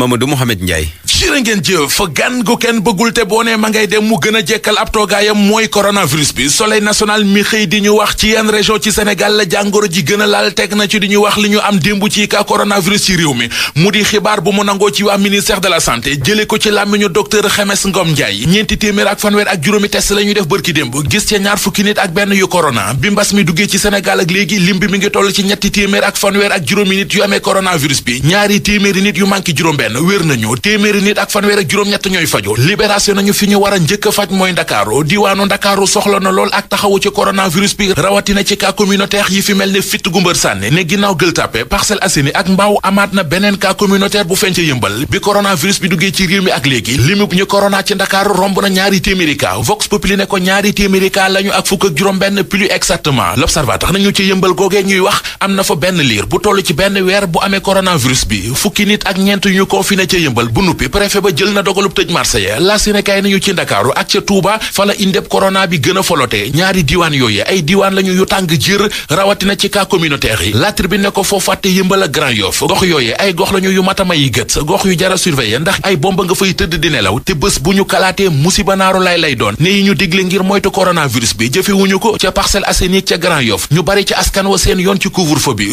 Mamadou Mouhamed Ndiaye jërë ngeen jëf gan gu kenn bëggul te boo nee ma ngay dem mu gën a jekkal ab toogaayam mooy coronavirus bi soleil national mi xëy di ñu wax ci yenn région ci Sénégal la jàngoro ji gën a laal teg na ci di ñu wax li ñu am démb ci ka coronavirus ci réew mi mu di xibaar bu mu nangoo ci waa ministère de la santé jële ko ci làmmiñu docteur Xemes Ngom Ndiaye ñeenti téeméer ak fanweer ak juróomi test la ñuy def bërki démb gis bi mbas mi duggee ci benn wér nañu téeméeri nit ak fanweer ak juróom-ñett ñooy faju libération nañu fi ñu war a njëkk a faj mooy ndakaaru diwaanu ndakaaru soxla na lool ak taxawu ci coronavirus bi rawatina ci cas communautaire yi fi mel ne fitt gumbar sànni ne ginnaaw Gueule Tapée Parcelles Assainies ak mbaaw amaat na beneen cas communautaire bu feeñ ca yëmbal bi coronavirus bi duggee ci réew mi ak léegi limub ñu corona ci ndakaaru romb na ñaari téeméeri cas Vox Populi ne ko ñaari téeméeri confiné ca yëmbal bu nuppi préfet ba jël na a Grand Yoff gox yooyu ay gox lañu yu matama yi gët gox yu jara surveiller ndax ay bomba nga fay tëdd di nelaw te bés bu ñu kalaatee musiba naaru lay lay doon ne yi ñu digle ngir moytu coronavirus bi jëfewuñu ko ca Parcelles Assainies ca Grand Yoff ñu bari ci askan wa seen yoon ci couvre-feu bi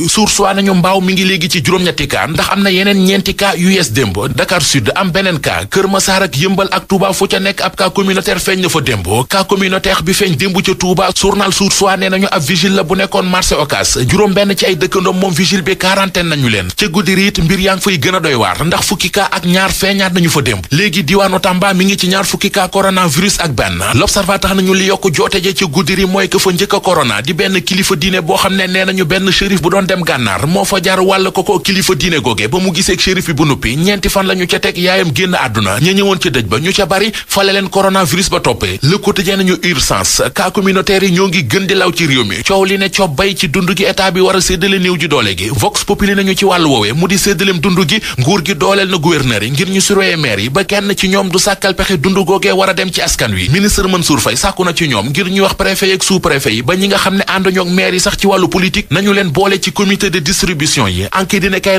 nañu mbaaw mi ngi léegi ci juróom-ñetti cas ndax am na yeneen ñeenti cas bés démb Dakar Sud am beneen cas Kër Masaar ak Yëmbal ak Touba fu ca nekk ab cas communautaire feeñ na fa démb cas communautaire bi feeñ démb ca Touba journal Source A nañu ab vigile la bu nekkoon marché Ocass juróom benn ci ay dëkkandoom moom vigile bi nañu leen ca guddi mbir yaa ngi fay gën doy waar ndax fukki cas ak ñaar feeñaat nañu fa démb léegi diwaanu Tamba mi ngi ci ñaar fukki cas coronavirus ak benn l'observateur nañu li yokk joote je ci guddi ñeenti fan la ñu ca teg yaayam génn àdduna ña ñëwoon ca dëj ba ñu ca bari fale leen coronavirus ba toppee Le Quotidien nañu urgence cas communautaire yi ñoo ngi gën di law ci réew mi coow li ne coob bay ci dund gi état bi war a séddale néew ji doole gi vox populi nañu ci wàll woowee mu di séddaleem dund gi nguur gi dooleel na gouverneur yi ngir ñu surveiller maire yi ba kenn ci ñoom du sàkkal pexe dund googee war a dem ci askan wi ministre Mansour Faye sàkku na ci ñoom ngir ñu wax préfet ak sous préfet nga xam ne ànduñu ak maire yi sax ci wàllu leen boole ci comité de distribution yi enquête dina kay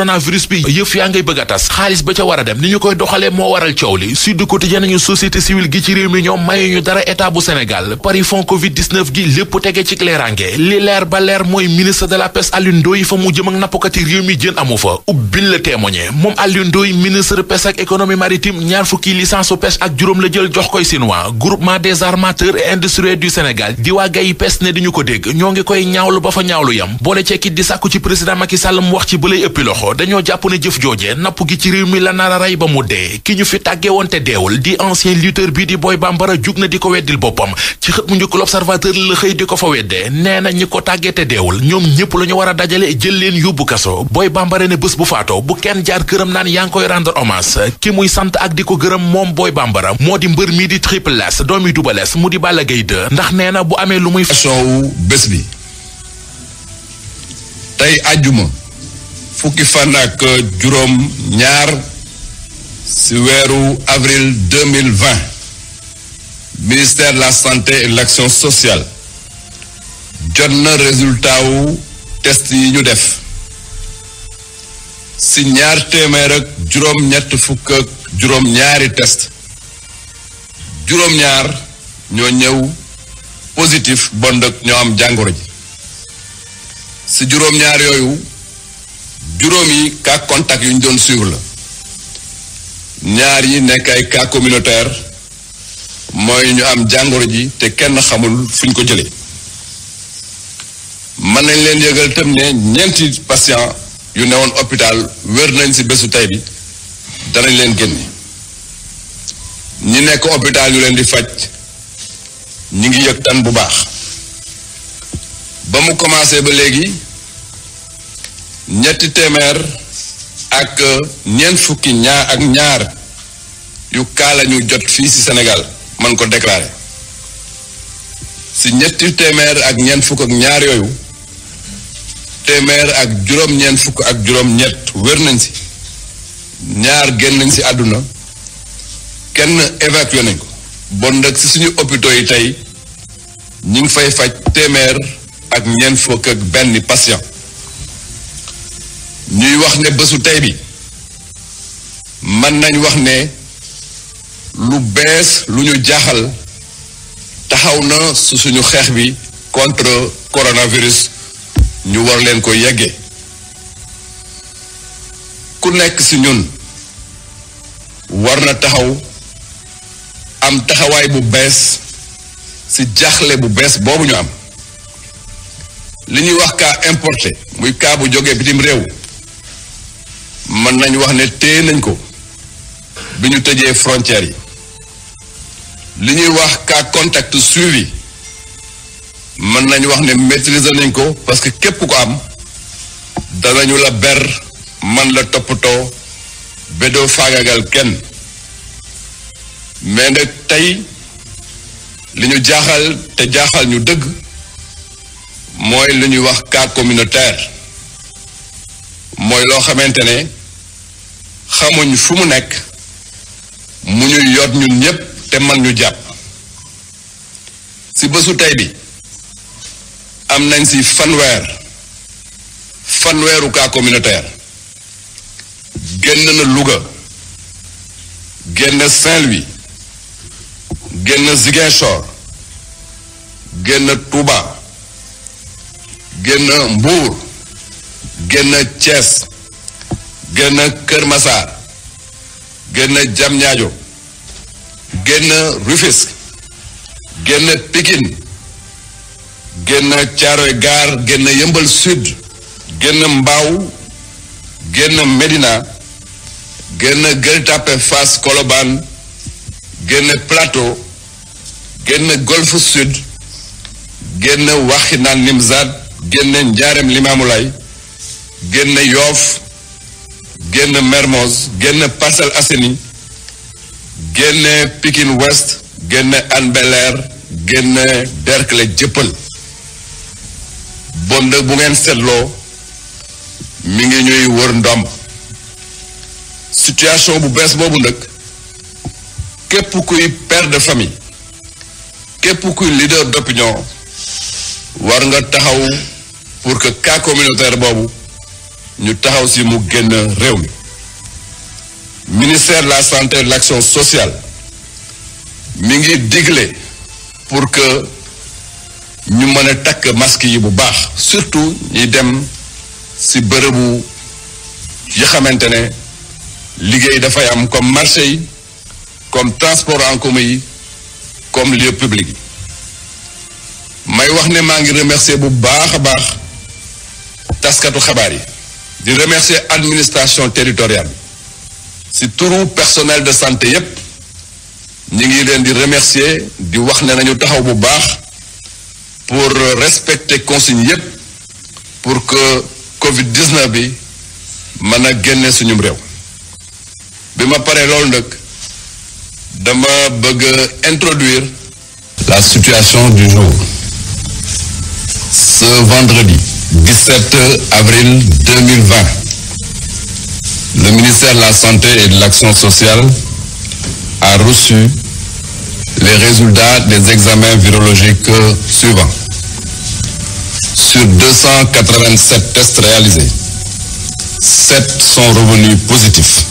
coronavirus bi yëf yaa ngay bëgg a tas xaalis ba ca war a dem ni ñu koy doxalee moo waral coow li Sud Quotidien nañu société civile gi ci réew mi ñoom mayuñu dara état bu Sénégal pari fond covid gi lépp tege ci leeraange li leer ba leer mooy ministre de la pêche Alioune fa mu jëm nappkati réew mi jën amu fa ubbil la témoigné moom Alioune ministre pêche ak économie maritime ñaar fukki licence pêche ak juróom la jël jox koy Sinwaa groupement des ko dañoo jàpp ne jëf joojee napp gi ci réew mi la nar a rey ba mu dee ki ñu fi tàggee woon te deewul di ancien lutteur bii di booy Bambara jug na di ko weddil boppam ci xët mu njëkk l'observateur la xëy di ko fa weddee nee na ñi ko tàggee te deewul ñoom ñëpp la ñu war a dajale jël leen yóbbu kaso booy Bambara ne bés bu faatoo bu kenn jaar këram naan yaa ngi koy rendre hommage ki muy sant ak di ko gërëm moom Boy Bambara moo di mbër mii di Triple S doomi Double Less mu di Balla Gaye ndax nee na bu amee lu muy soow bés bi tey fukki fan ak juróom ñaar ci weeru avril 2020 ministère de la santé et sociale jot na résultat test yi ñu def ci ñaar téeméer ak juróom-ñett fukk ak juróom-ñaari test juróom-ñaar ñoo ñëw positif bon dëkk ñoo am jàngoro ji ci juróom-ñaar yooyu juróomi cas contact yu ñu doon suivre la ñaar yi nekk ay cas mooy ñu am jàngoro ji te kenn xamul fu ñu ko jëlee mën nañ leen yëgal tam ne ñeenti patient yu newoon hôpital wér nañ ci bésu tey bi danañ leen génne ñi nekk hôpital yu leen di faj ñi ngi yëg tan bu baax ba mu commencé ba léegi ñetti téeméer ak ñeent fukki ñaar ak ñaar yu kaa ñu jot fii ci Sénégal man ko déclaré si ñetti téeméer ak ñeent fukk ak ñaar yooyu téeméer ak juróom-ñeent fukk ak juróom-ñett wér nañ ci ñaar génn nañ ci àdduna kenn évacué nañ ko bon nag ci suñu hôpitaux yi tey ñu ngi fay faj téeméer ak ñeent fukk ak benn patient ñuy wax ne bésu tey bi mën nañ wax ne lu bees lu ñu jaaxal taxaw na su suñu xeex bi contre coronavirus ñu war leen ko yeggee ku nekk ci ñun war na taxaw am taxawaay bu bees ci jaaxle bu bees boobu ñu am li ñuy wax cas importé muy kaa bu jógee bitim réew mën nañ wax ne téye nañ ko bi ñu tëjee frontières yi li ñuy wax cas contact suivi mën nañ wax ne maîtriser nañ ko parce que képp ko am danañu la ber man la toppatoo ba doo faagagal kenn mais nag tey li ñu jaaxal te jaaxal ñu dëgg mooy li ñuy wax cas communautaire mooy loo xamante ne xamuñ fu mu nekk mu ñuy yot ñun ñépp te man ñu jàpp ci bésu tey bi am nañ ci fanweer fanweeru cas communautaire génn na Louga génn Saint-Louis génn Ziguinchor génn Touba génn mbuur génn cees gën Kër Massar gën a Diamniadio gën a Rufisque gën a Pikine gën a Thiaroye Gare gën a Yeumbeul Sud gën a Mbao gën a Médina gën Fass Colobane gën Plateau gën Golf Sud gën a Wakhinane Nimzatt gën a Ndiarème Limamoulaye gën génn Mermoz génn Parcelles Assainies génn Pikine Ouest génn Hann Bel-Air génn Jëppal bon nag bu ngeen seetloo mi ngi ñuy wër ndomb situation bu bees boobu nag képp kuy père de famille képp kuy leader d'opinion war nga taxaw pour que cas communautaire boobu ñu taxaw si mu génn réew mi ministère la santé et de l'action sociale mi ngi digle pour que ñu mën a takk masque yi bu baax surtout ñi dem si bërëbu yi xamante ne liggéey dafay am comme marché yi comme transport en comme yi comme lieu public yi may wax ne maa ngi remercier bu baax a baax taskatu xabaar yi di remercier administration territoriale si turu personnel de santé yépp ñu ngi leen di remercier di wax ne nañu taxaw bu baax pour respecter consignes yépp pour que Covid 19 bi mën a génne suñum réew bi ma paree loolu nag dama bëgg introduir la situation du jour ce vendredi 17 avril 2020, le ministère de la Santé et de l'Action sociale a reçu des examens virologiques suivants. Sur 287 tests réalisés, 7 sont revenus positifs.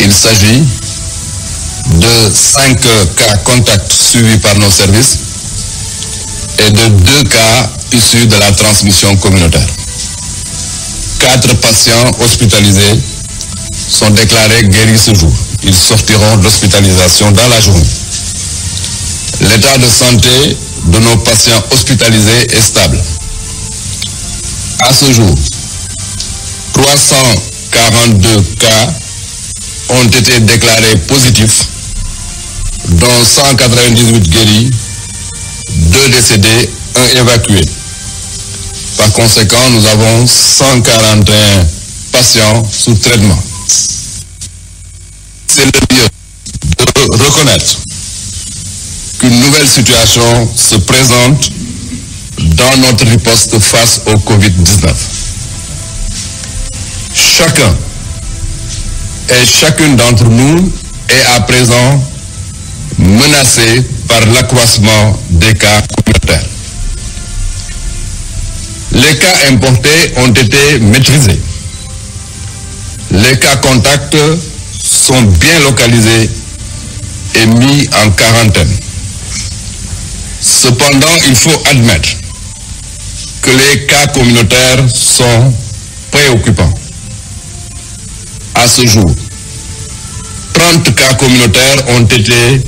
Il s'agit de 5 cas contacts suivis par nos services et issus de la transmission communautaire. Quatre patients hospitalisés sont déclarés guéris ce jour. Ils sortiront d'hospitalisation dans la journée. L'état de de nos patients hospitalisés est stable. À ce jour, 342 cas ont été déclarés positifs, dont 198 guéris, 2 décédés, 1 évacué. Par conséquent, nous avons 141 patients sous traitement. C'est le lieu de reconnaître qu'une nouvelle situation se présente dans notre riposte face au Covid-19. Chacun et chacune est par l'accroissement des Les cas importés ont été maîtrisés. Les cas contacts sont bien localisés et mis en quarantaine. Cependant, il faut admettre que les cas communautaires sont préoccupants. À ce jour, 30 cas communautaires ont été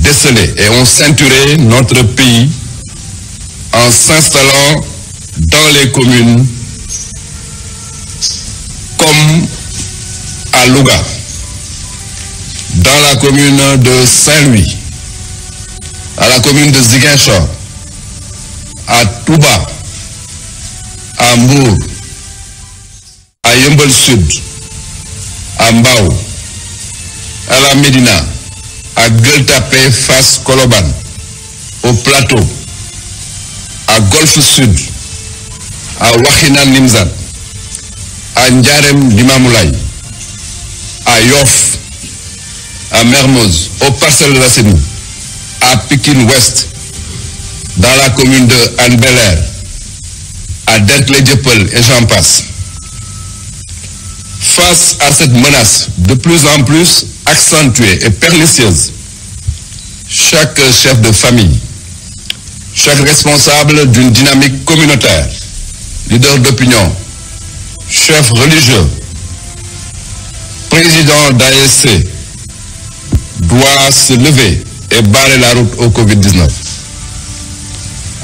décelés et ont ceinturé notre pays en s'installant dans les communes comme à Louga, dans la commune de Saint-Louis, à la commune de Ziguinchor, à Touba, à Mbour, à Yeumbeul Sud, à Mbao, à la Médina, à Gueule Tapée, Fass, Colobane, au Plateau, à Golfe Sud. a Wakhinane à Ndiarème Limamoulaye à Yoff à Mermoz aux Parcelles Assainies à Pikine Ouest dans la commune de Hann bel à Derklé Dieuppeul et j'en passe face à cette menace de plus en plus accentuée et pernicieuse chaque chef de famille chaque responsable d'une dynamique communautaire leader d'opinion, chef religieux, président d'ASC, doit se lever et barrer la route au Covid-19.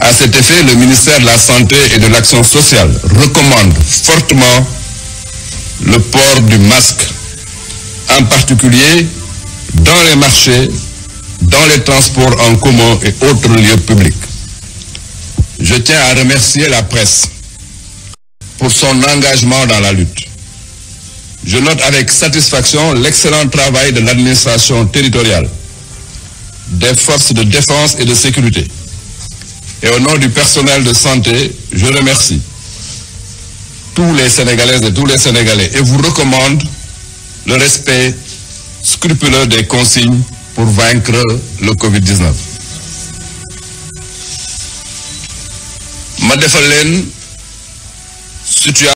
À cet effet, le ministère la Santé et de sociale recommande fortement le port du masque, en particulier dans les marchés, dans les transports en commun et autres lieux Je tiens à la presse pour son engagement dans la lutte. Je note avec satisfaction l'excellent travail de l'administration territoriale, des forces de défense et de sécurité. Et au nom de santé, je remercie tous les Sénégalaises et tous les et vous recommande le respect scrupuleux des consignes pour vaincre le Covid-19. situation